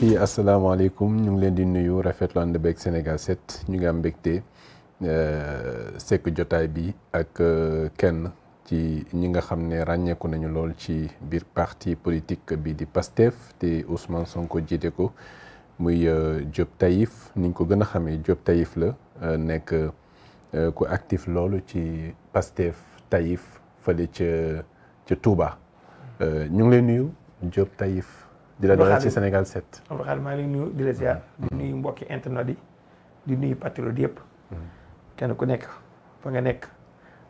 mbokk yi ñu ngi leen di nuyu rafetlu ànd beeg Sénégal 7 ñu ngi am mbégte euh, sekk jotaay bi ak euh, kenn ci ñi nga xam ne ràññeeku nañu lool ci biir parti politique bi di PASTEF te Ousmane Sonko jiite ko muy euh, Diop Taïf niñ ko gën a xamee Diop Taïf la nekk ku actif loolu ci PASTEF Taïf fële ca tuuba Touba ñu ngi leen nuyu Diop Taïf. di la si ci Sénégal 7. maa ngi lay di la ziar. Mm-hmm. di mbokki internet yi di nuyu patriote yëpp. Mm-hmm. kenn ku nekk fa nga nekk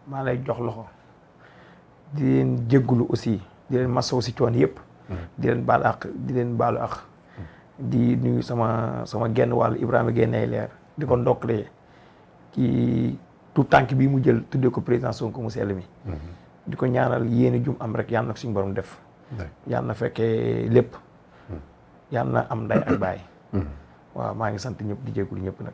maa lay jox loxo di leen jéggulu aussi di leen masawu si coon yëpp. Mm-hmm. di leen baal ak di leen baalu ak. di nuyu sama sama genn wàll Ibrahima Guèye leer di ko ndokkalee kii tout tànk bii mu jël tuddee ko président Sonko mu sell mi. di ko ñaanal yéen jum am rek yàlla na ko suñu borom def. yàlla na fekkee lépp. yàlla na am nday ak baay. Mm-hmm. waaw maa ngi sant ñëpp di jégalu ñëpp nag.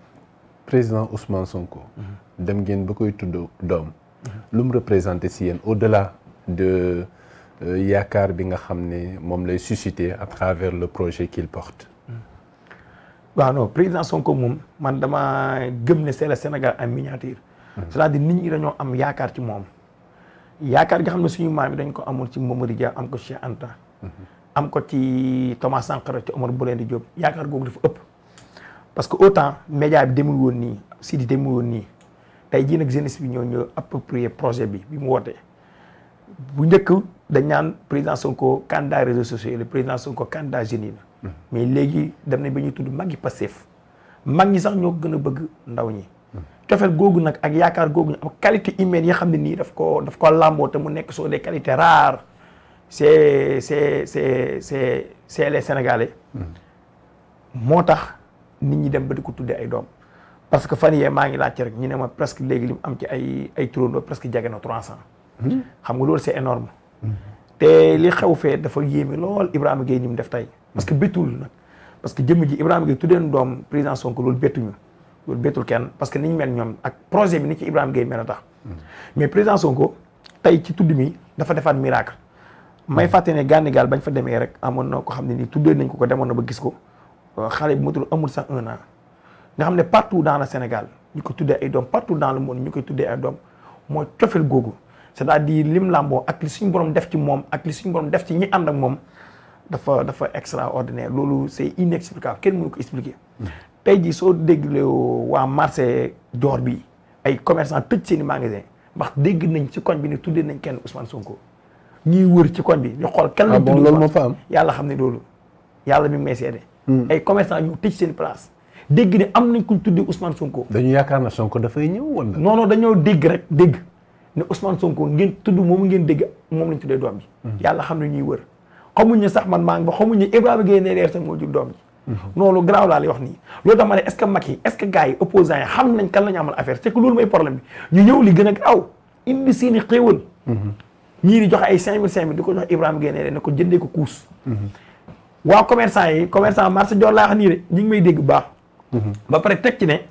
président Ousmane Sonko. Mm-hmm. dem ngeen ba koy tudd doom. Mm-hmm. lu mu représenté si yéen au-delà de euh, yaakaar bi nga xam ne moom lay susciter à travers le projet qu'il porte. waaw no président Sonko moom man dama gëm ne c'est le Sénégal en miniature. cest à am yaakaar ci moom. yaakaar nga xam ne suñu maam yi dañ ko amoon ci moom Dia am ko Cheikh Anta. am ko ci Thomas Sankara ci Omar di Diop yaakaar googu dafa ëpp parce que autant média bi dem woon nii Sidi demul woon nii tey jii nag jeunesse bi ñoo ñoo approprié projet bi bi mu wootee bu njëkk dañ ñaan président Sonko candidat réseaux sociaux yi le président Sonko candidat jeunes yi la hmm. mais léegi dem na ba ñu tudd mag yi Pastef mag ñi sax ñoo gën a bëgg ndaw ñi hmm. cofeel googu nag ak yaakaar googu ñu am qualité humaine yi xam ne nii daf ko daf ko làmboo mu nekk soo des qualités c'est c'est c'est c'est c'est les Sénégalais. Mm-hmm. moo tax nit ñi dem ba di ko tuddee ay doom. parce que fan yee maa ngi laajte rek ñu ne ma presque léegi li mu am ci ay ay turandoo presque jege na trois cent. Mm-hmm. xam nga loolu c'est énorme mm-hmm. te li xew fee dafa yéeme lool Ibrahima Gueye ni mu def tey. parce que bettul parce que jëmm ji Ibrahima tuddee tuddeen doom président Sonko loolu bettuñu loolu bettul kenn parce que ni ñu mel ñoom ak projet bi ni ci Ibrahima Gueye mel a tax. mais président Sonko tey ci tudd mi dafa defaat miracle. may fàtte ne Gànnigaal bañ fa demee rek amoon na ko xam ne nii tuddee nañ ko ko demoon na ba gis ko euh, xale bi matul amul sax un nga xam ne partout dans le Sénégal ñu ko tuddee ay doom partout dans le monde ñu koy tuddee ay doom mooy cofeel googu c'est-à-dire lim làmboo ak li suñu borom def ci moom ak li suñu borom def ci ñi ànd ak moom dafa dafa extraordinaire loolu c'est inexplicable kenn mënu ko expliquer mm. tey jii soo déglee waa marché Dior bi ay commerçant tëj seen i magasin ndax dégg nañ ci koñ bi ne tuddee nañ kenn Ousmane ko ñuy wër ci koñ bi ñu xool kan ah lañ tudd loolu am yàlla xam ne loolu yàlla mi ngi may seede hmm. ay commerçant ñu tëj seen place dégg am nañ kuñ tuddee Ousmane Sonko dañu yaakaar na Sonko dafay ñëw wala non non dañoo dégg rek dégg ne Ousmane Sonko ngeen tudd moom ngeen dégg moom lañ tuddee doom ji hmm. yàlla xam ne ñuy wër xamuñ sax man maa ngi ba xamuñ ne Ibrahima Gueye ne doom ji hmm. noonu garaaw laa lay wax nii loolu tax ma ne est ce que Macky yi opposants yi xam nañ kan la ñu amal affaire c'est que loolu mooy problème bi ñu ñëw li gën a gaaw indi seen i xéewal ñii di joxe ay 5000 5000 di ko jox Ibrahima Gueye ne ko jëndee ko kuus. waa commerçant yi commerçant marché Dior laa wax nii de ñu ngi may dégg bu baax. ba pare teg ci ne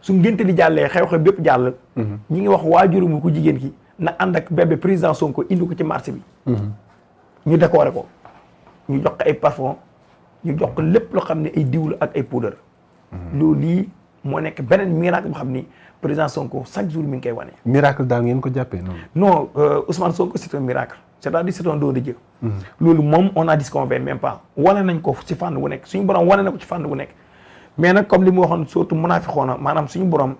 su ngénte di jàllee xew-xew bépp jàll. ñi ngi wax waajuru mu ku jigéen ki na ànd ak bébé président ko indi ko ci marché bi. ñu décoré ko ñu jox ko ay parfum ñu jox ko lépp loo xam ne ay diwlu ak ay poudre. loolu moo nekk beneen miracle boo xam ni président Sonko chaque jour mi ngi koy wane. miracle daal ngeen ko jàppee noonu. non euh, Ousmane Sonko c' est un miracle c' est à dire c' est un don mm-hmm. fànn gu nekk suñu borom wane na ko ci fànn gu nekk mais nag comme li mu waxoon surtout munaafiqoon na maanaam suñu borom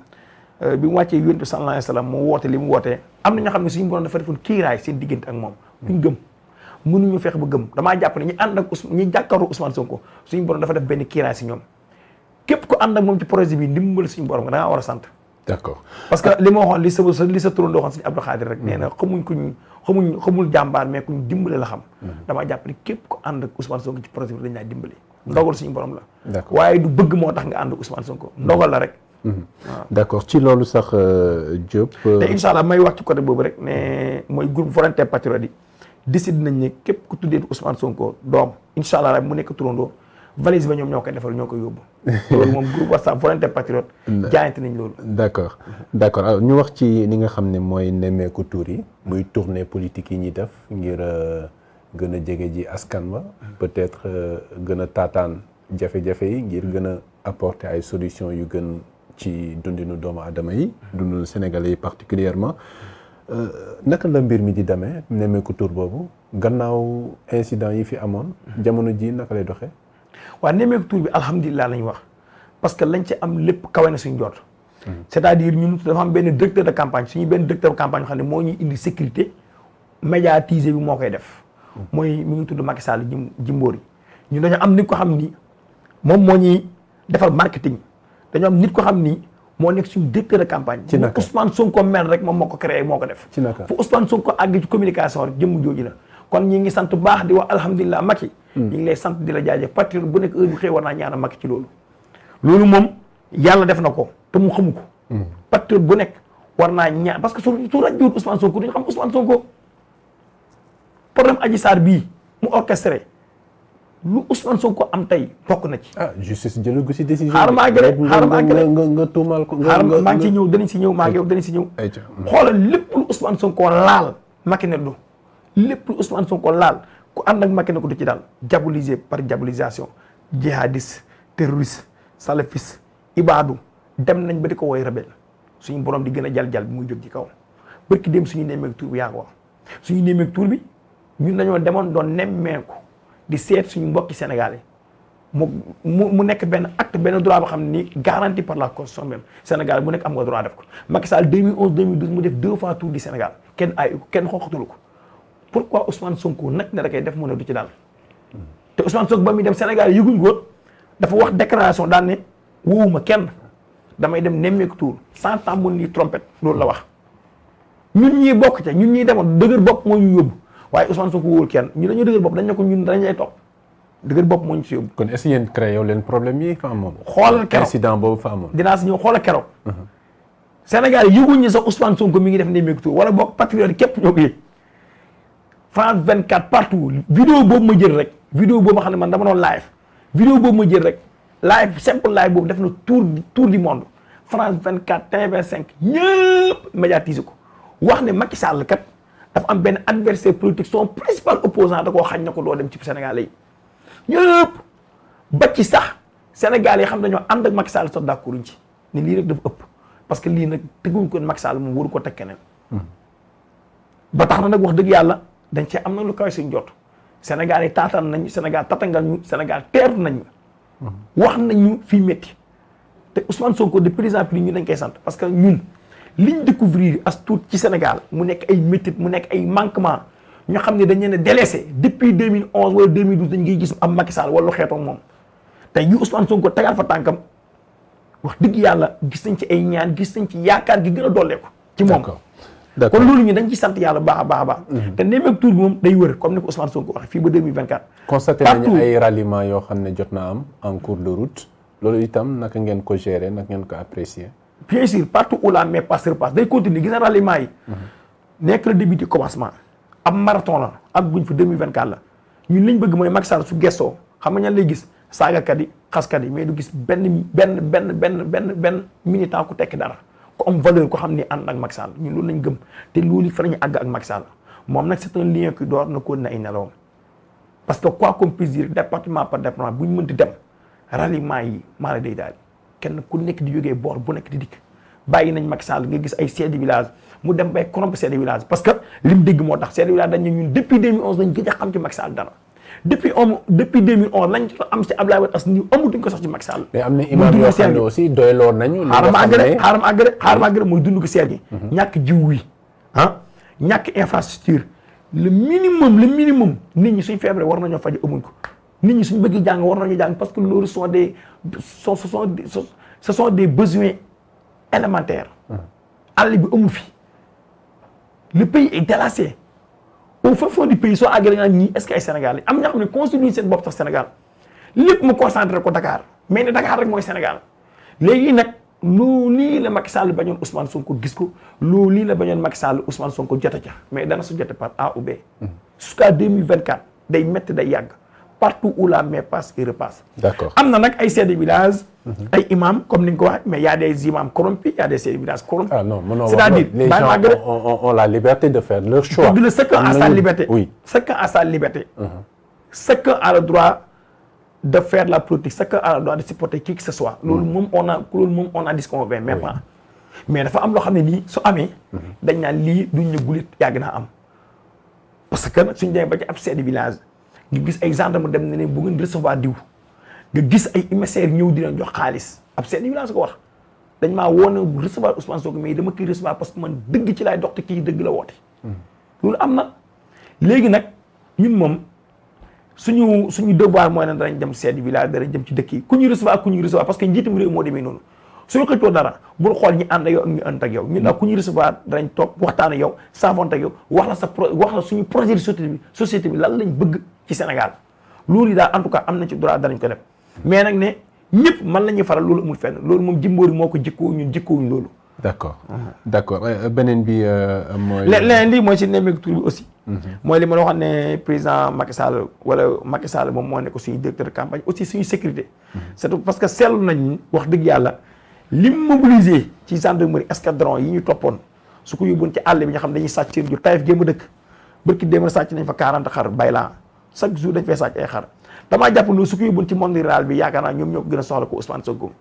euh, bi mu wàccee yonent bi sallallahu alayhi wasallam mu woote li mu wootee am na ñoo xam suñu borom dafa defoon kiiraay seen diggante ak moom duñ gëm. mënuñu feex ba gëm jàpp ne ñi ànd ak Ousmane ñi jàkkaaroo Ousmane Sonko suñu borom dafa def benn kiiraay si ñoom képp ku ànd ak moom ci projet bi ndimbal suñu borom nga da ngaa war a sant. d'accord parce que li ma waxoon li sa li sa turandoo waxoon suñu Abdou Khadir rek nee na xamuñ kuñ xamuñ xamul jàmbaar mais kuñ dimbale la xam. Hmm. damaa jàpp képp ku ànd ak Ousmane Sonko ci projet bi dañ laa dimbale. Hmm. ndogal borom la. d'accord waaye du bëgg moo tax nga ànd ak Ousmane Sonko hmm. ndogal la rek. waaw d'accord ci loolu sax euh, Diop. Euh, te incha may wax ci boobu rek ne mooy groupe volontaire patriote yi décide nañ ne képp ku tuddee Ousmane Sonko doom incha allah mu nekk turandoo valise ba ñoom ñoo koy defal ñoo koy yóbbu loolu moom groupe WhatsApp volonté jaayante nañ loolu d'accord d'accord alors ñu wax ci li nga xam ne mooy nemmeeku tour yi muy tournée politique yi ñuy def ngir euh, gën a jege ji askan ba peut-être euh, gën a taataan jafe-jafe yi ngir gën a apporter ay solutions yu gën ci dundinu doomu aadama yi dundinu Sénégalais yi particulièrement euh, naka la mbir mi di demee nemmeeku tour boobu gannaaw incident yi fi amoon jamono ji naka lay doxee waaye nemmeeku tur bi alhamdulilah lañ wax parce que lañ ci am lépp kawe na suñ jot. c'est-à-dire ñun dafa am benn directeur de campagne suñu benn directeur de campagne xam ne moo ñuy bi moo koy def. mooy mi ngi tudd Macky Sall jim jimboor yi ñun dañoo am nit ko xam ni moom moo ñuy defal marketing dañoo am nit ko xam ni moo nekk suñu directeur de campagne. ci naka Ousmane Sonko mel rek moom moo ko créé moo ko def. ci naka fu Ousmane Sonko àgg ci communication rek jëmm jooju la kon ñi ngi sant baax di wax alhamdulilah Macky. Hmm. ñu ngi lay sant di la jaajëf patriote bu nekk heure bu xëy war naa ñaan a ci loolu loolu moom yàlla def na ko te mu xamu ko hmm. patriote bu nekk war naa ñaan parce que su su rajowul Ousmane Sonko duñu xam Ousmane Sonko problème Adji Sarr bii mu orchestré lu Ousmane Sonko am tey bokk na ci. ah justice jëlee gu si décision. xaaral maa gën xaaral maa gën nga nga tuumaal ko. xaaral maa ngi ciy ñëw danañ si ñëw maa ngi yow danañ si ñëw. xoolal lépp lu Ousmane Sonko laal. Macky ne du lépp lu Ousmane Sonko laal ku ànd ak Macky na ko du ci daal diabolisé par diabolisation jihadiste terroriste salafiste ibaadu dem nañ ba di ko woy rebelle suñu borom di gën a jal-jal bi mu jóg ci kaw bërki dem suñu nemmeek tuur bi yaa ko wax suñu nemmeek tuur bi ñun dañoo demoon doon nemmeeku di seet suñu mbokki Sénégal yi mu nekk benn acte benn droit boo xam ni garanti par la constitution même Sénégal bu nekk am nga droit def ko Macky Sall 2011 mu def deux fois tour du Sénégal kenn ay kenn xooxatulu ko pour pourquoi Ousmane Sonko nag ne da koy def mu ne du ci daal te Ousmane Sonko ba muy dem senegal Sénégal yëguñ ko dafa wax déclaration daan ne wowuma kenn damay dem nemmeeku tuur sans tambour ni trompette loolu la wax. ñun ñii bokk ca ñun ñii demoon dëgër bopp moo ñu yóbbu waaye Ousmane Sonko wóol kenn ñu dañoo dëgër bopp ñun dañ lay topp dëgër bopp moo ñu si yóbbu. kon est-ce que yéen créé yow leen problème yi fa dinaa si ñëw xoolal keroog. Mhm. Sénégal yëguñ ñu sax Ousmane Sonko mi ngi def nemmeeku tuur wala boog patriote képp ñoo France 24 partout vidéo boobu ma jël rek vidéo boobu ma xam ne man dama doon live vidéo boobu ma jël rek live simple live boobu def na tour tour du monde France 24 TV5 ñëpp médiatiser ko wax ne Macky Sall kat dafa am benn adversaire politique son principal opposant da koo xañ na ko doo dem ci Sénégalais yi ñëpp ba ci sax Sénégalais yi xam dañoo ànd ak Macky Sall sax d'accord ci ne lii rek dafa ëpp parce que lii nag teguñ ko Macky Sall mu waru ko teg keneen hmm. tax na wax dëgg yàlla dañ cee am na lu kawe suñ jot Sénégal yi taataan nañ Sénégal tatangal ñu Sénégal teeru nañ wax nañ ñu fii métti te Ousmane Sonko de plus en ñu dañ koy sant parce que ñun liñ découvrir as tuut ci Sénégal mu nekk ay métit mu nekk ay manquement ñu xam ne dañ leen a délaissé depuis 2011 wala 2012 dañ ngi gis am Macky Sall wala lu xeetoon moom tey ñu Ousmane Sonko tegaat fa tànkam wax dëgg yàlla gis nañ ci ay ñaan gis nañ ci yaakaar gi gën a dolleeku ci moom kon loolu ñu dañ ci sant yàlla baax a baax a baax mhm. te nemmeeku tour bi moom day wër comme ni ko Ousmane Sonko waxee fii ba 2024 constaté nañu ay ralliement yoo xam ne jot naa am en cours de route loolu itam naka ngeen ko gérer naka ngeen ko apprécier bien sûr partout où la main passe repasse day continuer gis na ralliement yi mhm. nekk le début du commencement ab marathon la ak buñ fa 2024 la ñun liñ bëgg mooy Macky Sall su gestoo xam nga ñan lay gis saagakat yi xaskat yi mais du gis benn benn benn benn benn benn militant ku tekki dara ku am valeur ko xam ni ànd ak Macky Sall ñun loolu gëm te loolu fa lañu àgg ak Macky moom nag c'est un lien qui dort na ko na ay nelawam parce que quoi qu'on puisse dire département par département bu ñu mënti dem ralliement yi maa la day daal kenn ku nekk di gee boor bu nekk di dikk bàyyi nañ Macky Sall nga gis ay chef mu dem bay corrompre chef de parce que lim dégg moo tax chef de village ñun depuis 2011 dañ gëj a xam ci Macky Sall depuis on depuis 2011 lañ jot am si Abdoulaye Wade as ñu ko sax ci Macky Sall. am na imaam yoo xam ne aussi doyloon nañu. li nga xam ne xaaral mooy dund ko seer gi. Mhm. ñàkk jiw wi ah ñàkk infrastructure le minimum le minimum nit ñi suñ feebaree war nañoo faj amuñ ko nit ñi suñ bëgg jàng war nañoo jàng parce que loolu sont de sont ce sont des ce sont des besoins élémentaires. Mhm. àll bi amu fi le pays est au fin fond du a soo àggee dañu naan ñii est-ce ay Sénégal am ñoo xam ne constitué seen bopp sax Sénégal lépp mu concentré ko Dakar mais ne Dakar rek mooy Sénégal léegi nag loolu lii la Macky Sall bañoon Ousmane Sonko gis ko loolu lii la bañoon Macky Sall Ousmane Sonko jote ca mais dana su jote par A ou B. jusqu'à 2024 day métti day yàgg. partout où la mer passe il repasse. d'accord am na nag ay chefs de village. ay imam comme ni nga ko waxee mais y a des imams de village corrompus. ah non c'est-à-dire les gens ont, ont, la liberté de faire leur choix. am chacun a sa liberté. oui a sa droit de faire la politique chacun a le droit de supporter qui que ce soit. Mm. loolu moom on a loolu moom on a mais dafa am loo xam ne nii soo amee. Mm-hmm. dañ naan lii duñ ne gulit yàgg naa am. parce que nag suñ demee ba ci ab chef village. nga gis ay gendarme dem ne ne bu ngeen recevoir diw nga gis ay émissaire ñëw dina jox xaalis ab seen yu laa su ko wax dañ maa woon a recevoir Ousmane Sonko mais dama kii recevoir parce que man dëgg ci laay dox te kii dëgg la woote. Hmm. loolu am na léegi nag ñun moom suñu suñu devoir mooy ne danañ dem seet village danañ dem ci dëkk ku ñuy recevoir ku ñuy recevoir parce que njiitum réew moo demee noonu. suñu xëccoo dara bul xool ñi ànd ak yow ak ñu ànd ak yow ñu daal ku ñu recevoir danañ toog waxtaan ak yow saafante ak yow wax la sa pro wax la suñu projet de société bi société bi lan lañ bëgg ci Sénégal loolu daa daal en tout cas am nañ ci droit danañ ko def mais nag ne ñëpp man la ñuy faral loolu amul fen loolu moom jimboori moo ko jikkoo ñun jikkoowuñ loolu d' accord d' accord euh, beneen bi euh, mooy. leneen lii mooy si nemmeeku tur bi aussi. Mhm. mooy li ma la wax ne président Macky saal wala Macky Sall moom moo nekk suñu directeur de aussi suñu sécurité. Mhm. c' que seetlu nañ wax dëgg yàlla lim mobilisé ci gendarmerie escadron yi ñu toppoon su ko yóbboon ci àll bi nga xam dañuy sàcc seen jur tayef gémm dëkk bërki déema sàcc nañ fa 40 xar bayla chaque jour dañ fay sàcc ay xar damaa jàpp loolu su ko yóbboon ci monde bi yaakaar naa ñoom ñoo ko gën a soxla ko Ousmane Sonko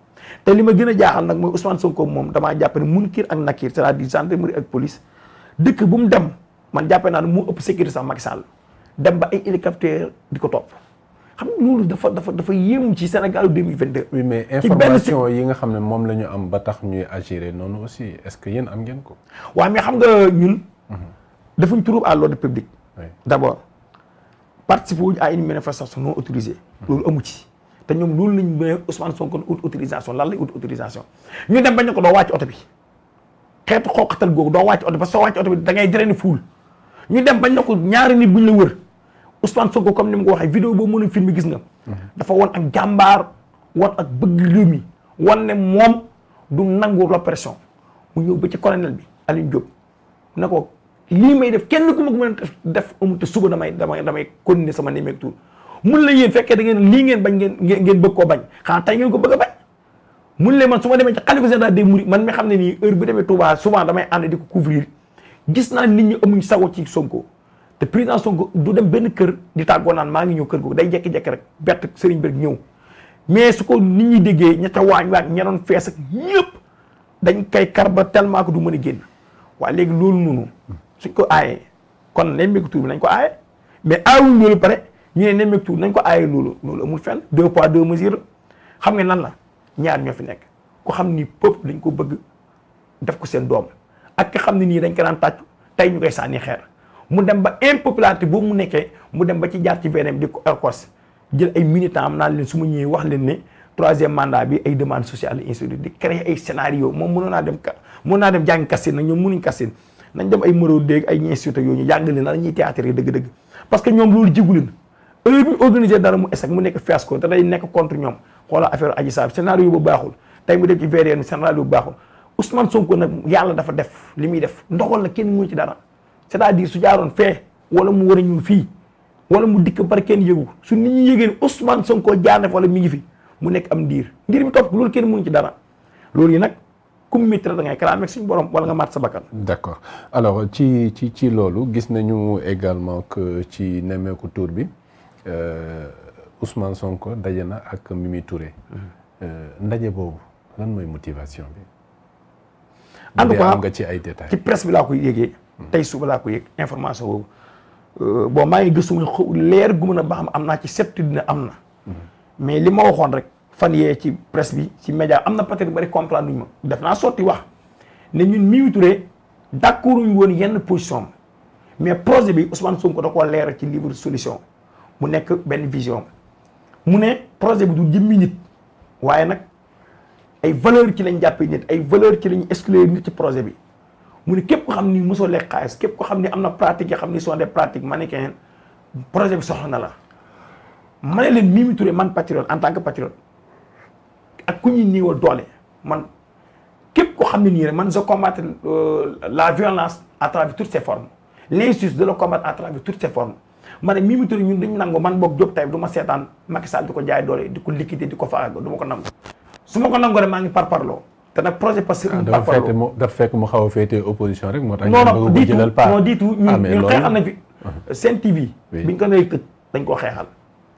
te li ma gën a jaaxal nag mooy Ousmane Sonko moom damaa jàpp ne munkir ak nakir c'est-à-dire gendarmerie ak police dëkk bu mu dem man jàppee naa ne moo ëpp sécurité sax Macky dem ba ay hélicoptère di ko topp xam loolu dafa dafa dafa yéemu ci Sénégal 2022. oui mais information yi nga xam ne moom la ñu am ba tax ñuy agir noonu aussi est-ce que yéen am ngeen ko. waaw mais xam nga ñun. Mhm. defuñ trouble à l'ordre public. d'abord participer wuñ à une manifestation non autoriser mhm. loolu amu ci. te ñoom loolu lañ may Ousmane soo ut autorisation lan lay autorisation ñu dem bañ ko doo wàcc oto bi xeetu xooqatal googu doo wàcc oto bi parce que soo wàcc oto bi da ngay jëriñu fuul ñu dem bañ ne ko ñaari ni buñ la wër. Ousmane Sonko comme ni ko waxee vidéo boobu mën a filmé gis nga. dafa wan ak jàmbaar wan ak bëgg réew mi wan ne moom du nangu l'oppression mu ñëw ba ci colonel bi Alioune Diop na ko lii may def kenn ku ma ko mën a def amul te suba damay damay damay continuer sama nemmeeku mun la yéen fekkee da ngeen lii ngeen bañ ngeen ngeen bëgg koo bañ xanaa tey ngeen ko bëgg a bañ. mun leen man su ma demee ci xalifa général des mourides man mi xam ne nii heure bu demee Touba souvent damay ànd di ko couvrir gis naa nit ñi amuñ sago ci Sonko. de président Sonko du dem benn kër di tàggoo naan maa ngi ñëw kër googu day jékki-jékki rek bett sëriñ bi rek ñëw mais su ko ni ñi déggee ña ca waañ waañ ña doon fees ak ñëpp dañ koy kar tellement du mën a génn waaye léegi loolu noonu suñ ko aayee kon nemmeeku tur nañ ko aaye mais aayul loolu pare ñu ne nemmeeku nañ ko aaye loolu loolu amul fenn deux poids deux mesures xam nga nan la ñaar ñoo fi nekk ku xam ni peuple dañ ko bëgg def ko seen doom ak ki xam ne nii dañ ko naan tàccu tey ñu koy sànni xeer mu dem ba impopularité boobu mu nekkee mu dem ba ci jaar ci VNM di Arcos jël ay militants am naa leen su ma ñëwee wax leen ne troisième mandat bi ay demande social et ainsi di créer ay scénario moom mënoon naa dem ka mënoon naa dem jàngi Kassine nag ñoom ay Moreau Dégg ay institut yooyu ñu jàngale na la ñuy théâtre dëgg-dëgg parce que ñoom loolu jigu leen heure ñu organiser dara mu échec mu nekk fiasco te nekk contre ñoom xoolal affaire Adji Sarr scénario bu baaxul tey mu dem ci bu baaxul Ousmane Sonko nag yàlla dafa def li muy def ndogal la kenn mënu ci dara c'est-à-dire su jaaroon fee wala mu war a ñëw fii wala mu dikk par kenn yëgu su nit ñi yëgee ne Ousmane Sonko jaar fi wala mi ngi fi mu nekk am diir ndiir mi topp loolu kenn mënu ci dara loolu yi nag kum mitra da ngay kalaam suñu borom wala nga maat sa bakkan d'accord alors ci ci ci loolu gis nañu également ci nemmeeku tour bi euh, Ousmane Sonko daje na ak Mimi Touré mm-hmm. euh, ndaje boobu lan mooy motivation bi. en am nga ci ay détails ci presse bi laa koy yëgee. tey suba laa ko information boobu euh, bon maa ngi gëstu leer gu mën a baax am naa ci certitude ne am na mm-hmm. mais li ma waxoon rek fan yee ci presse bi ci média am na peut-être bari comprendre ñu ma def naa sotti wax ne ñun Mimi Touré d'accord yu woon yenn position mais projet bi Ousmane Sonko da koo leer ci livre solution mu nekk benn vision mu ne projet bi du jëmmi nit waaye nag ay valeur ci lañ jàppee nit ay valeur ci lañ exclure nit ci projet bi mu ni képp ko xam ni mosoo lekk xaalis képp ko xam ni am na pratique yoo xam ni sont des pratiques manichéennes projet bi soxla na la ma ne leen Mimi Touré man patriote en tant que patriote ak ku ñuy niiwal doole man képp ko xam ne nii rek man je combattre euh, la violence à travers toutes ses formes l'injustice de la combattre à travers toutes ses ma ne Mimi Touré ñun dañu nangu man boog Diop Taïb du ma seetaan Macky Sall di ko jaay doole di ko liquider di ko faaga du ma ko nangu te nag projet Pastef que ah, bàqaloo mu dafa fekk mu xaw a féetee opposition rek moo tax. ñu bëgg ko jëlal part non non diitu ah, non diitu xeexal nañ fi. TV. bi ñu ko nee tëj dañ ko xeexal.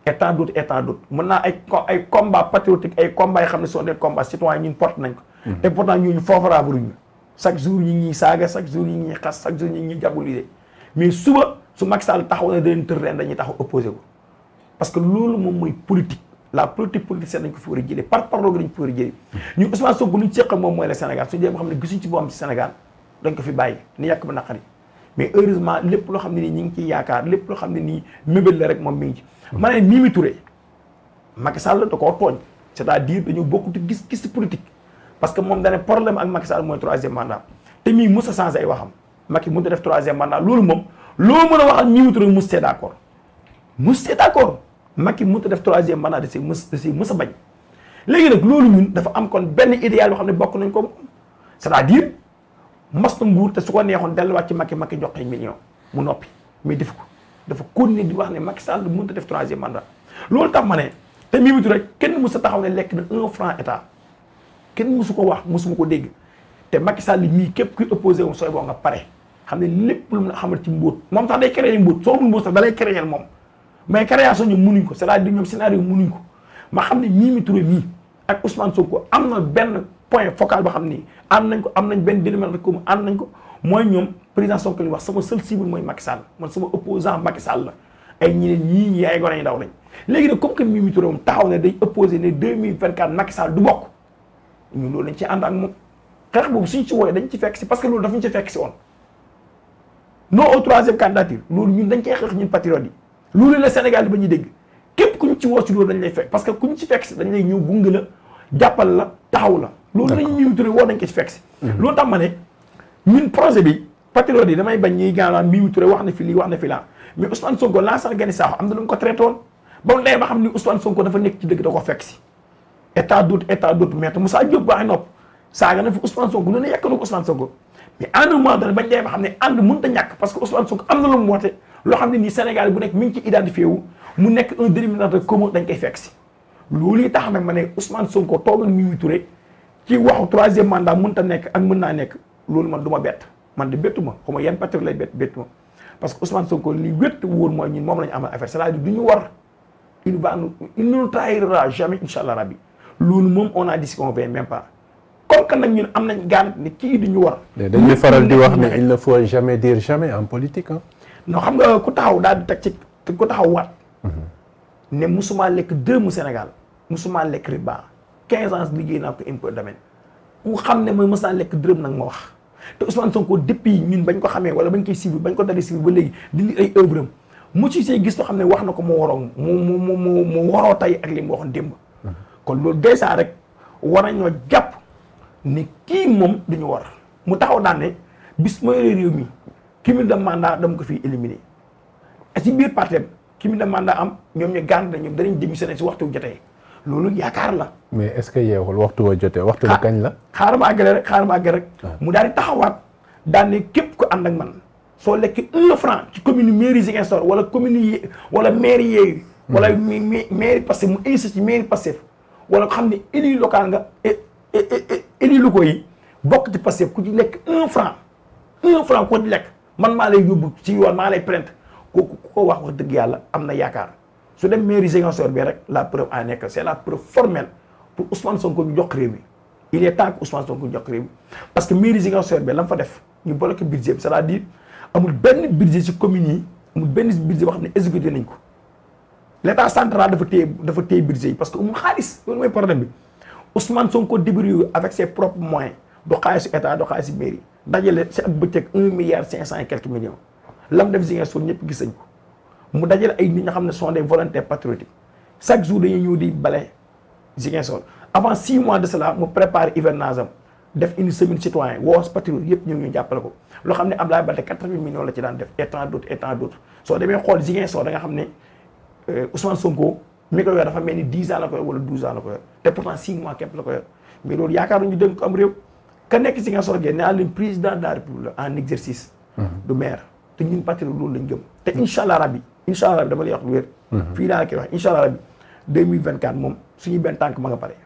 état d' autre état d' mën naa ay ay combat patriotique ay combat yi xam ne sont des combats citoyens ñun porte nañ ko. Mhm. te pourtant ñooñu ñu chaque jour ñi ñuy saaga chaque jour ñi ñuy xas chaque jour ñi ñuy diaboliser mais suba su Macky Sall taxaw na dinañ tër ren dañuy taxaw opposé ko parce que loolu moom mooy politique. la politique politicienne dañ ko fi war a jëlee par parloo gi dañ ko fi war a jëlee ñu Ousmane Sonko lu ñu seqal moom mooy le Sénégal suñu dee boo xam ne gisuñ ci boo am ci ko fi bàyyi ni yàq ba naqari mais heureusement lépp loo xam ne nii ngi ciy yaakaar lépp loo xam ne nii mébél la rek moom mi ngi ci ma ne Mimi Touré Macky Sall da koo tooñ c'est-à-dire dañoo bokkut gis-gis politique parce que moom dane problème ak Macky Sall mooy troisième mandat te mii mos a changé ay waxam Macky a def loolu moom loo mën a waxal Mimi Touré mos Macky mënut a def troisième mandat da si mës da si mës a léegi nag loolu ñun dafa am kon benn idéal boo xam ne bokk nañ ko c'est-à-dire mas na nguur te su ko neexoon delluwaat ci Macky Macky jox ay million mu noppi mais def ko dafa continuer di wax ne Macky Sall mun a def man mandat loolu tax ma ne te Mimi kenn rek kenn mësu taxaw ne lekk na un franc état kenn mësu ko wax mësuma ko dégg te Macky Sall mii képp ku opposé wu sooy boo nga pare xam ne lépp lu mun a xamal ci mbóot moom sax day créer mbóot soo mun mbóot sax moom mais création ñoom mënuñ ko c'est-à-dire ñoom scénario mënuñ ko ma xam ne Mimi Touré mii ak Ousmane Sonko am na benn point focal boo xam ni am nañ ko am nañ benn dénominateur commun am nañ ko mooy ñoom président Sonko li wax sama seul cible mooy Macky Sall man sama opposant Macky Sall la ay ñeneen ñii ñii ay gone yi daw nañ léegi nag comme que Mimi Touré moom taxaw na day opposé ne 2024 Macky Sall du bokk ñun loolu dañ ci ànd ak moom xeex boobu suñ ci wooyee dañ ci fekk si parce que loolu dafa ñu ci fekk si woon non au troisième candidature loolu ñun dañ cee xeex ñun patriotes yi loolu la Sénégal ba ñuy dégg képp ku ñu ci woo ci loolu dañ fekk parce que ku ñu fekk si ñëw gunge la jàppal la la. loolu la ñuy Mimi woo nañ ko ci fekk si. Mhm. loolu tax ma ne ñun projet bi patriote yi damay bañ ñuy gaaw Mimi Touré wax na fi lii wax na fi laa mais Ousmane Sonko Lansana Gagny Sakho am na lu mu ko traité woon ba mu xam ni Ousmane Sonko dafa nekk ci dëgg da ko fekk si état doute état doute na fi Ousmane Sonko Sonko mais en un moment donné bañ xam ne ànd mënut a ñàkk parce que Ousmane Sonko am na lu mu woote loo xam ne nii Sénégal bu nekk mi ngi ci identifié wu mu nekk un dénominateur commun dañ koy fekk si loolu tax nag ma ne Ousmane Sonko toogal Mimi Touré ci waxu troisième mandat mënta nekk ak mën naa nekk loolu man du ma bett man de bettu ma xaw ma yan patriote lay bett bettu ma parce que Ousmane Sonko li wét wóor mooy ñun moom la ñu amal affaire c'est-à-dire du ñu war il va nous il ne nous trahira jamais incha allah rabbi loolu moom on a dit qu'on vient même pas. comme que nag ñun am nañ gaan ne kii du ñu war. dañuy faral di wax ne il ne faut jamais dire jamais en politique ah. non xam nga ku taxaw daal di teg ci ku taxaw waat. ne musuma lekk deux mu Sénégal musuma lekk riba quinze ans liggéey naa ko impôt domaine ku xam ne mooy mës lekk dërëm nag ma wax te Ousmane ko depuis ñun bañ ko xamee wala bañ koy suivre bañ ko dalee suivre ba léegi dindi ay œuvre mu ci see gis loo xam ne wax na ko mu waroon mu mu mu mu waroo tey ak li mu waxoon démb. kon loolu dèjà rek war nañoo jàpp ni kii moom duñu war mu taxaw daan ne bis mooy réew cumul de mandat dama ko fi éliminer si biir parti am cumul de mandat am ñoom ñu gànd na ñoom danañ démissionné si waxtu jotee loolu yaakaar la. mais est-ce que yeewul waxtu wa jotee. waxtu bi kañ la xaaral ma àggale rek ah. mu daal di taxawaat daal ne képp ku ànd ak man soo lekkee un franc ci commune mairie Ziguinchor wala commune yi wala mairie yooyu. wala hmm. mairie Pastef mu insiste ci mairie Pastef wala xam ne élu local nga élu locaux yi bokk ci Pastef ku ci lekk un franc un lekk. man maa lay yóbbu ci yoon maa lay plainte kooku ku ko wax wax dëgg yàlla am na yaakaar su dem mairie Ziguinchor bi rek la preuve en est que c'est la preuve formelle pour Ousmane Sonko ñu jox réew mi il est temps que Ousmane Sonko ñu jox parce que mairie Ziguinchor bi la mu fa def ñu bloqué budget bi c'est-à-dire amul benn budget ci communes yi amul benn budget boo xam ne exécuté nañ ko l'état central dafa téye dafa téye budget parce que amul xaalis loolu mooy problème bi avec ses propres moyens du état du xaalisu dajale si ak bëccëg un milliard cinq cent et quelques millions lam def Ziguinchor ñëpp gis nañ ko mu dajale ay nit ñoo xam ne sont des volontaires patriotiques chaque jour dañuy ñëw di bale Ziguinchor avant six mois de cela mu prépare hivernage am def une semaine citoyen woos patriote yëpp ñu ngi ñu jàppale ko loo xam ne Ablaye Baldé quatre-vingts la ci daan def et tant d'autres et tant d'autres soo nga xam ne euh, Ousmane Sonko mi ko yor dafa mel ni dix ans la ko yor wala douze ans la ko yor te pourtant six mois képp la mais loolu yaakaaruñu dégg réew. ka nekk si nga sox gee naa leen président de la en exercice mhm. du maire te ñun parti loolu lañ gëm te incha allah rabbi incha allah rabbi dama lay wax lu wér mhm. fii laa koy wax incha allah rabbi deux vingt quatre moom suñu benn tànk ma nga pare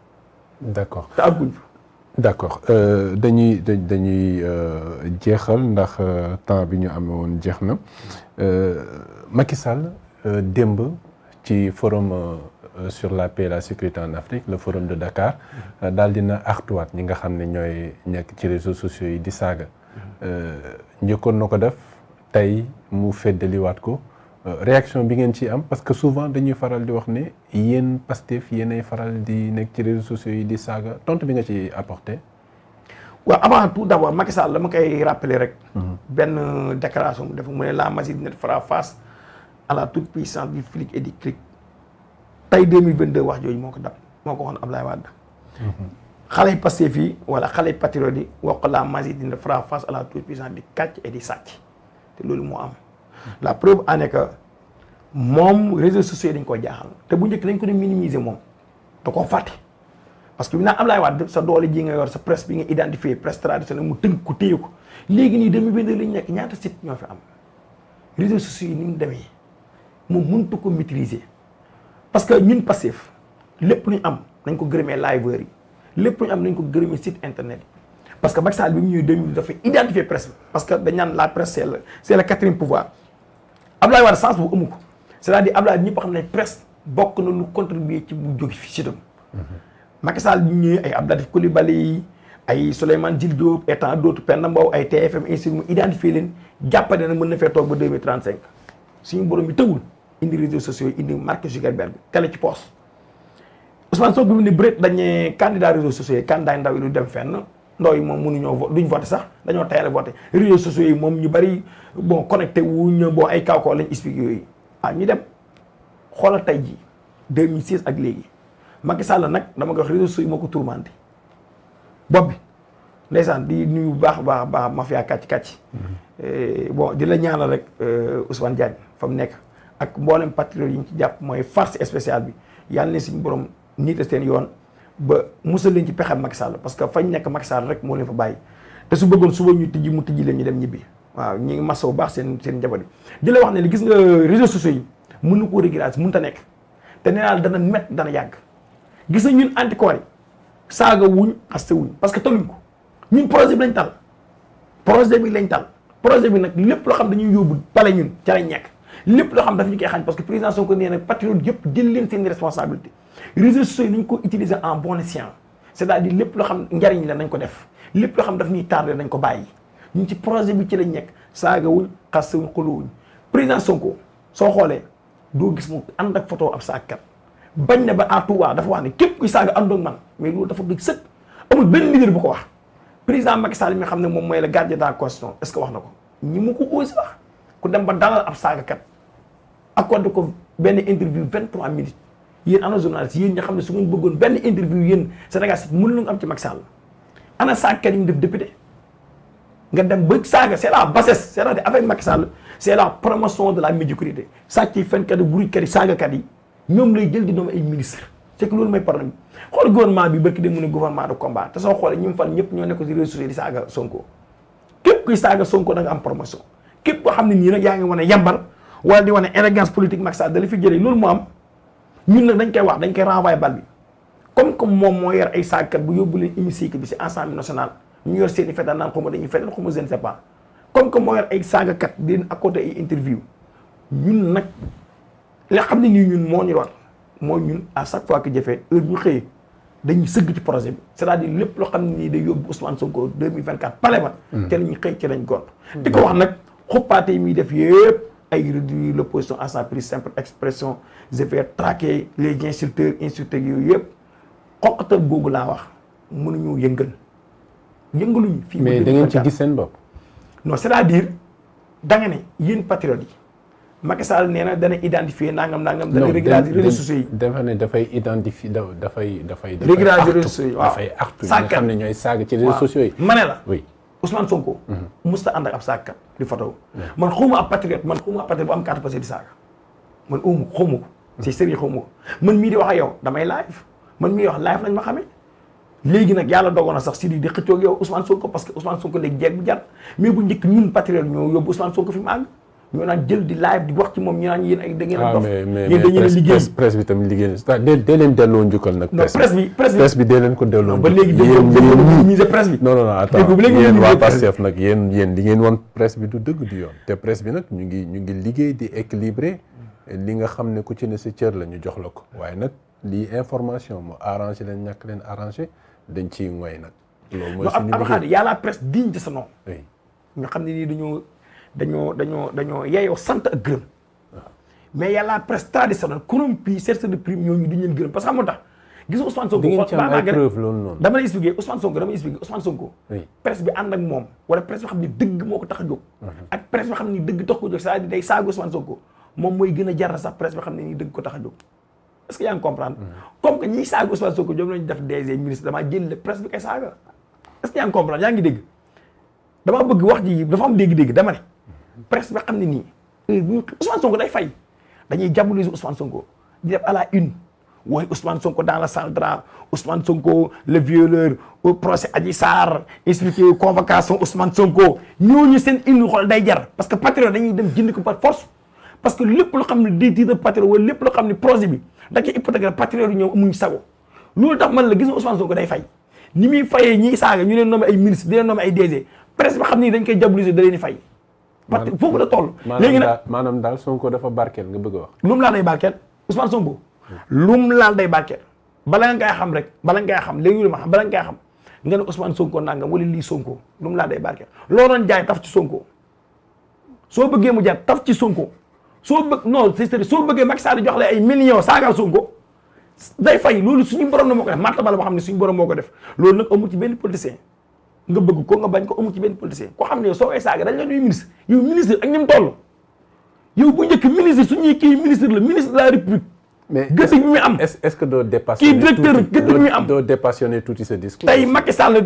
d'accord te àgguñ fa euh, dañuy dañuy euh, jeexal ndax euh, temps bi ñu amee woon jeex na makisal Sall démb ci forum Euh, sur la paix la sécurité en Afrique le forum de Dakar euh, daal dina artuwaat ñi nga xam ne ñooy nekk ci réseaux sociaux yi di saaga euh, njëkkoon na ko def tey mu feddaliwaat ko réaction bi ngeen ci am parce que souvent dañuy faral di wax ne yéen Pastef yéenay faral di nekk ci réseaux sociaux yi di saaga tontu bi nga ci apporté waaw avant tout d'abord Macky Sall dama koy rappeler rek mhm. benn déclaration mu def mu ne la Macédoine fera face à la toute puissance du flic et du clic tey 2022 wax jooju moo ko dab moo ko waxoon Ablaye Wade mm-hmm. xale yi Pastef yi wala xale yi patriote yi wax la magie dina fera face à la toute-puissance di kàcc et di sàcc te loolu moo am mm-hmm. la preuve en est que moom réseaux sociaux dañ ko jaaxal te bu njëkk dañ ko doon minimiser moom da koo fàtte parce que bi naan Ablaye Wade sa doole ji nga yor sa presse bi nga identifié presse traditionnelle mu tënk ko téye ko léegi nii 2022 lañu nekk ñaata sit ñoo fi am réseaux sociaux yi ni mu demee moom mëntu parce que ñun passif lépp lu ñu am nañ ko gërëmee liveur yi lépp lu ñu am nañ ko gërëmee sit internet parce que ma Sall bi mu ñuy 2012 dafa identifier presse parce que dañ naan la presse c'est le c'est le quatrième pouvoir Abdoulaye Wade sens bu amu ko c'est-à-dire Abdoulaye ñëpp xam ne presse bokk na lu contribuer ci bu jóge fi sitam Macky Sall bi ñu ñëwee ay Abdoulatif Coulibaly ay Souleymane Jules Diop et tant d'autres Penda Mbow ay TFM ainsi mu identifier leen jàppale na mën na fee toog ba 2035 suñu borom bi tëwul indi réseaux sociaux indi Mark Zuckerberg kale ci poos Ousmane Sonko bi mu ne bëreet dañu candidat réseaux sociaux yi candidat ndaw yi du dem fenn ndaw yi moom mënuñoo vo duñ voté sax dañoo tayal a voté réseaux sociaux yi moom ñu bari bon connecté wuñ bon ay kaw kaw lañ expliqué yooyu ah, ñu dem xoolal tey jii 2006 ak léegi Macky Sall nag dama ko wax réseaux sociaux yi moo ko tourmenté bopp bi ndeysaan di nuyu baax a baax a baax mafia kàcc kàcc mm-hmm. eh, bon di la ñaanal rek euh, Ousmane Diagne fa mu nekk. ak mboolem patriote yi ñu ci jàpp mooy force spéciale bi yàlla ne suñu borom niite seen yoon ba musal leen ci pexam Macky Sall parce que fañ nekk Macky Sall rek moo leen fa bàyyi te su bëggoon suba ñu tijji leen ñu dem ñibbi waaw ñu ngi massa bu baax seen seen njaboot bi di la wax ne gis nga réseaux sociaux yi mën na koo régulage mën ta nekk te nee naa dana met dana yàgg gis na ñun anticorps yi saaga wuñ xaste wuñ parce que taluñ ko ñun projet bi lañ tal projet bi lañ bi nag lépp loo xam dañuy yóbbu bale ñun ca lañ nekk lépp loo xam daf ñu koy xañ parce que président Sonko nee na patriote yëpp jël leen seen responsabilité réseaux sociaux yi nañ ko en bon escient c'est-à-dire lépp loo xam njariñ la nañ ko def lépp loo projet bi ci lañ nekk saagawuñ xasawuñ xulawuñ président Sonko soo xoolee doo gis mu ànd ak foto ab saagkat bañ na ba à Touba dafa wax ne képp kuy saaga àndoog man mais loolu dafa dëgg sëkk amul benn leader bu ko wax président ma Sall mi xam ne moom mooy la gardien de la constitution est-ce que wax na ko ñi mu ko osé wax ku dem ba dalal ab saagakat accordé ko benn interview 23 minutes yéen ana journaliste yéen ña xam ne su ngeen bëggoon benn interview yéen Sénégal si mën lu am ci Macky Sall ana saag Karim nga dem ba saaga c'est la bassesse c'est-à-dire avec Macky Sall c'est la promotion de la médiocrité sàcc yi fenkat yi burukat yi saagakat yi ñoom lay jël di nommé ay ministre c'est que loolu mooy problème xool gouvernement bi barki de mu ne gouvernement de combat te soo xoolee ñu fan ñoo nekk ci réseaux sociaux di saaga Sonko képp am promotion képp koo xam ne nii nag yaa ngi wane yambar wala di wane élégance politique Macky Sall da la fi jëlee loolu moo ñun nag dañ koy wax dañ koy renvoyer bal bi comme comme moom moo yor ay saagkat bu yóbbu leen hémicycle bi si assemblée national ñu yor seen i fetal naan xaw ma dañuy fetal xaw ma je ne sais comme moo yor ay saagakat di leen interview ñun nag li xam ni nii ñun moo ñu war moo ñun à chaque fois que jëfee heure ñu xëyee dañuy sëgg ci projet bi c'est-à-dire lépp loo xam ne nii day yóbbu Ousmane Sonko 2024 pale ba. Hmm. te xëy ci lañ gont di ko wax nag xuppaate yi muy def yëpp. ay réduire l'opposition à sa plus simple expression je vais traquer les insulteurs insultés yooyu yëpp xoqatal googu laa wax mënuñu yëngal yëngaluñu. fii mais da ngeen ci gis seen bopp. non c'est-à-dire da nga ne yéen patriotes yi Macky Sall nee na dana identifier nangam nangam. dana régulariser réseaux sociaux yi. dafay identifier dafay dafay. dafay artu dafay artu. sàggal ñi nga xam ñooy saaga ci réseaux sociaux yi. ma la oui. Ousmane Sonko. Mhm. musta ànd ak ab saagkat di photo man xawma ab patriote man xawma ab patriote bu am carte passé di saaga man umu xawma mm. si sëriñ xawma man mii di wax ak yow damay live man mii wax live lañ ma xamee léegi nag yàlla dogoon na sax si di di xëccoog yow Ousmane Sonko parce que Sonko léegi jeeg bu jar mais bu njëkk ñun patriote ñoo yóbbu Ousmane Sonko fi mu ñoo naan jël di live di wax ci moom ñu naan yéen ay da ngeen a ah, dof yéen da ngeen a liggéey presse bi tamit liggéey ah, dee dee leen delloo njukkal nag presse bi presse bi dee leen ko delloo ba léegi minimiser presse bi non non non attends yéen waa Pastef nag yéen yéen li ngeen woon presse bi du dëgg du yoon te presse bi nag ñu ngi ñu ngi liggéey di équilibré li nga xam ne ku ci ne sa cër la ñu jox la ko waaye nag lii information mu arrangé leen ñàkk leen arrangé dañ ciy ngoy nag loolu mooy suñu yàlla presse digne de ce nom nga xam ne nii dañoo dañoo dañoo dañoo yeeyoo sant ak gërëm mais y a la presse traditionnelle corrompue certes de prime ñooñu duñu leen gërëm parce tax gis nga Sonko dama lay expliquer Sonko dama bi ànd ak moom wala presse bi xam ni dëgg moo ko tax a jóg mhm. day saagu Ousmane Sonko moom mooy gën a jar sax presse bi xam ne nii dëgg ko tax a jóg est-ce que yaa ngi comprendre mhm. comme que ñiy saaga yaa ngi dégg damaa bëgg wax ji dafa am dégg-dégg dama ne presse ba xam ne nii euh, Ousmane Sonko day fay dañuy diaboliser Ousmane Sonko di def la une wooy Ousmane Sonko dans la salle drap Ousmane Sonko le violeur au procès Adji Sarr expliqué convocation Ousmane Sonko ñooñu seen une xool day jar parce que patriote dañuy dem jënd ko par force parce que lépp loo xam ne di di patriote wala lépp loo xam ni projet bi da cee hypothèque patriote yi ñoom amuñu sago loolu tax man la gis nga Ousmane Sonko day fay ni muy fayee ñiy saaga ñu leen nommé ay minis di leen nommé ay DG ni dañ koy diaboliser da leen fay. parce que foofu la toll. léegi nag maanaam daal Sonko dafa barkeel nga bëgg a wax. lum laal day barkeel Ousmane Sonko. Hmm. lum laal day barkeel. bala nga xam rek bala nga koy xam léegi lu ma xam bala nga koy xam nga ne Ousmane Sonko nangam wala lii Sonko lum laal day barkeel loo doon jaay taf ci Sonko soo bëggee mu jaay taf ci Sonko soo bëgg non c'est soo bëggee Macky Sall jox la ay million saagal Sonko day fay loolu suñu borom la moo ko def martaba la boo xam ne su borom moo ko def loolu nag amul ci benn politicien nga bëgg ko nga bañ ko amul ci benn politicien ko xam ne soo koy saaga dañ la nuy ministre yow ministre ak ni mu toll bu njëkk ministre su ñuy kii ministre la ministre de la république. mais gëdd bi muy am est-ce que doo dépassionné kii directeur gëdd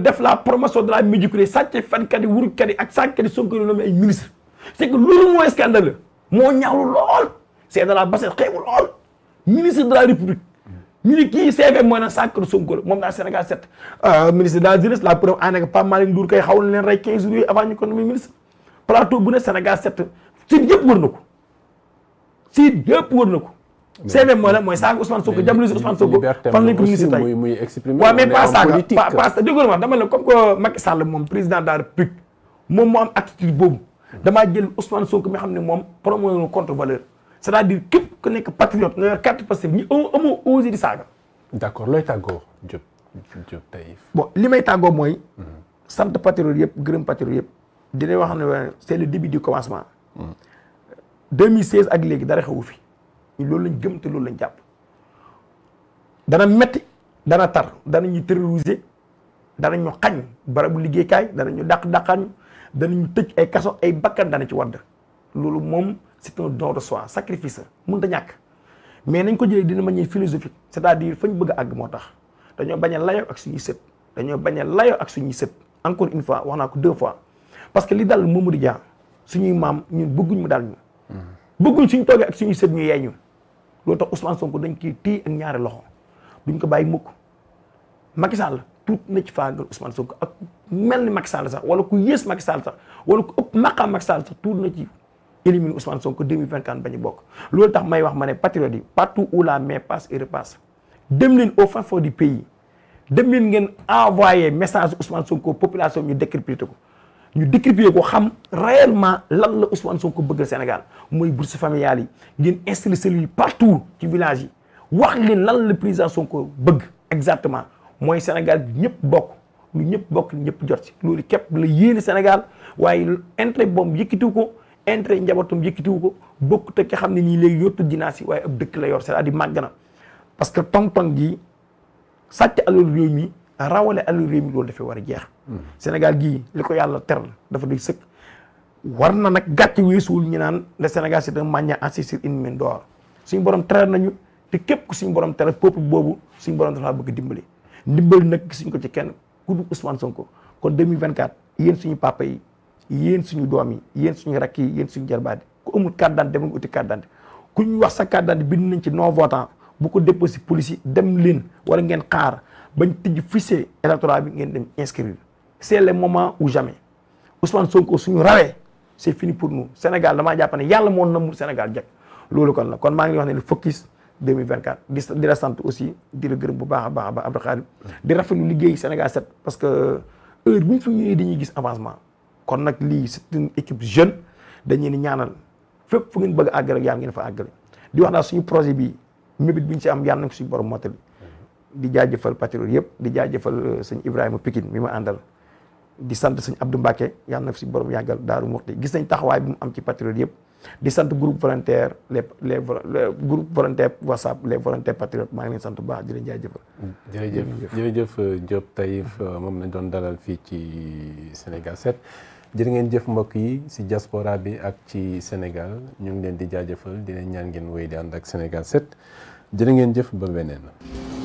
def la promotion de la médiocrité sàcc fenkat yi wurukat yi ak sàcc yi Sonko yi nommé ay ministre c'est que loolu mooy scandale moo ñaawlu lool c'est de la basse xeebu lool ministre de la république. ñu ne kii CV mooy na sacre Sonko la moom daa Sénégal set euh, ministre de la jeunesse la preuve en est que Pape Malick Ndour kay xawoon leen rey avant ñu ko nommé ministre plateau bu ne Sénégal set site yëpp wër na ko site yëpp wër na ko. CV mooy la mooy saaga Ousmane Sonko jàppale Ousmane Sonko fan lañ ko ministre tey muy muy exprimer waaw dama ne comme que Macky Sall moom président de la République moom moo boobu damaa jël Ousmane Sonko mi xam ne moom promotion contre c'est-à-dire képp ku nekk patriote nga yor carte Pastef ñu amoo osé di saaga. d'accord looy tàggoo Diop Diop Taïf. bon li may tàggoo mooy. sant patriote yëpp gërëm patriote yëpp. dinañ wax ne c'est le début du commencement. 2016 ak léegi dara xewu fi loolu lañ gëm loolu lañ jàpp dana metti dana tar dana ñu terroriser dana ñu xañ barabu liggéeykaay dana ñu dàq dàqaan dana ñu tëj ay kaso ay bakkan dana ci wadd loolu moom. c'est un don de soi sacrifice mën ta ñàkk mais nañ ko jëlee dina manière philosophique c'est-à-dire fañ bëgg a àgg moo tax dañoo bañ a layoo ak suñuy sët dañoo bañ a layoo ak suñuy sët encore une fois wax naa ko deux fois parce que li dal Mamadou Dia suñuy maam ñun bëgguñ mu dal ñu bëgguñ suñ toogee ak suñuy sët ñu yeeñu loolu tax Ousmane Sonko dañ koy téye ak ñaari loxo duñ ko bàyyi mukk Macky Sall tuut na ci faagal Ousmane Sonko ak mel ni Macky Sall sax wala ku yées Macky Sall wala ku ëpp maqaam Macky Sall sax tuut na ci éliminer Ousmane Sonko 2024 ba ñu bokk loolu tax may wax ma ne patriotes yi partout où la main passe et repasse dem leen au fin fond du pays dem leen ngeen envoyé message Ousmane Sonko population ñu décrypter ko ñu décrypter ko xam réellement lan la Ousmane Sonko bëgg Sénégal mooy bourse familiale yi ngeen installé celui partout ci village yi wax leen lan la président Sonko bëgg exactement mooy Sénégal bi ñëpp bokk lu ñëpp bokk ñëpp jot ci loolu képp la yéene Sénégal waaye intérêt boobu yëkkatiw ko. intérêt njabootam yëkkatiwu ko bokk te ki xam ne nii léegi yottu dinaa si waaye ab dëkk la yor c'est-à-dire màgg na parce que tong-tong gi sàcc alal réew mi rawale alal réew mi loolu dafay war a jeex. Hmm. Sénégal gii li ko yàlla teral dafa doy sëkk. war na nag gàcce weesuwul ñu naan le Sénégal c'est un mania assis sur une mine d'or suñu borom teral nañu te képp ku suñu borom teral peuple boobu suñu borom dafa bëgg dimbali. ndimbali nag gisuñ ko ci kenn ku du Ousmane Sonko kon 2024 yéen suñu papa yi. yéen suñu doom yi yéen suñu rakk yi yéen suñu jarbaat yi ku amul carte d'identité demal uti carte d'identité ku ñu wax sa carte d'identité bind nañ ci non votant bu ko déposé police yi dem leen wala ngeen kaar bañ tijj fichier électoral bi ngeen dem inscrire c'est le moment ou jamais Ousmane Sonko suñu rawee c'est fini pour nous Sénégal damaa jàpp ne yàlla moon na namul Sénégal jag loolu kon la kon maa ngi wax ne le focus 2024 di di la sant aussi di la gërëm bu baax a baax a baax Abdou di rafetlu liggéey Sénégal set parce que heure bu fi dañuy gis avancement kon nag lii c'est une équipe jeune dañu leen ñaanal fépp fu ngeen bëgg a àgg rek yàlla ngeen fa àggale di wax naa suñu projet bi mébét bi ñu si am yàlla na ko suñu borom mottali di jaajëfal patriote yëpp di jëfal euh, sëñ Ibrahima Pikine mi ma àndal di sant sëñ Abdou Mbacke yàlla na ko si borom yàggal Daaru Muxti gis nañ taxawaay bi mu am ci patriote yëpp di sant groupe volontaire les les groupe volontaire whatsapp les volontaires patriotes maa ngi leen sant bu baax di leen jaajëfal. jërëjëf jërëjëf Diop euh, moom lañ doon dalal fii ci Sénégal 7. jërë ngeen jëf mbokk yi si jasporaa bi ak ci Sénégal ñu ngi leen di jaajëfal di leen ñaan ngeen wéy di ànd ak Sénégal 7 jërë ngeen jëf ba beneen.